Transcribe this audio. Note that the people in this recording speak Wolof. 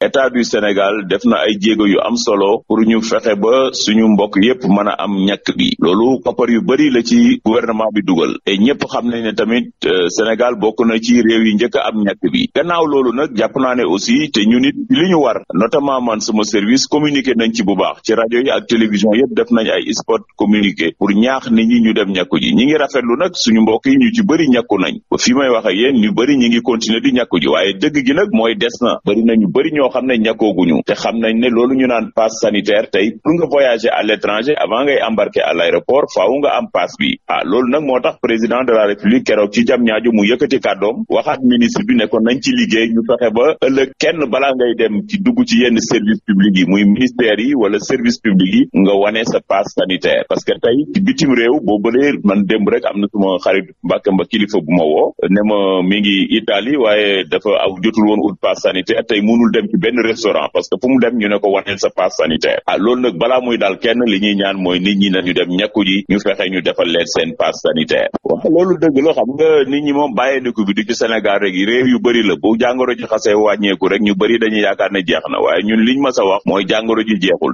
état du Sénégal def na ay jéego yu am solo pour ñu fexe ba suñu mbokk yépp mën a am ñàkk bi loolu koppar yu bari la ci gouvernement bi dugal te ñépp xam nañ ne tamit euh, Sénégal bokk na ci réew yi njëkk am ñàkk bi gannaaw loolu nag jàpp naa ne aussi te ñu nit li ñu war notamment man sama service communiqué nañ ci bu baax ci rajo yi ak télévision yépp def nañ ay spot communiqué pour ñaax ni ñi ñu dem ñàkku ji ñi ngi rafetlu nag suñu mbokk yi ñu ci bari ñàkku nañ ba fi may wax ak yéen ñu bari ñi ngi continuer di ñàkku ji waaye dëgg gi nag mooy des na bari nañu bari ñoo na xam ne ñàkkooguñu te xam nañ ne loolu ñu naan passe sanitaire tey pour nga voyager à a avant ngay embarquer à l'aéroport faaw nga am passe bi ah loolu nag moo tax président de la république keroog ci jam ñaajo mu yëkkati kàddoom waxaat ministre bi ne ko nañ ci liggéey ñu fexe ba ëllëg kenn balaa ngay dem ci dugg ci yenn service public yi muy ministère yi wala service public yi nga wane sa passe sanitaire parce que tey ci bitim réew boo bëlee man démb rek am na suma xarit mbàkke mba kilifa bu ma woo ne ma mi ngi Italie waaye dafa aw jotul woon ut passe sanitaire tey mënul dem benn restaurant parce que fu mu dem ñu ne ko waneel sa passe sanitaire ah loolu nag balaa muy daal kenn li ñuy ñaan mooy nit ñi nañu dem ñàkku ji ñu fexe ñu defal leen seen passe sanitaire waaw loolu dëgg la xam nga nit ñi moom bàyyeendiku bi du Sénégal rek réew yu bëri la bu jàngoro ji xasee wàññeeku rek ñu bëri dañuy yaakaar ne jeex na waaye ñun liñ ma sa wax mooy jàngoro ji jeexul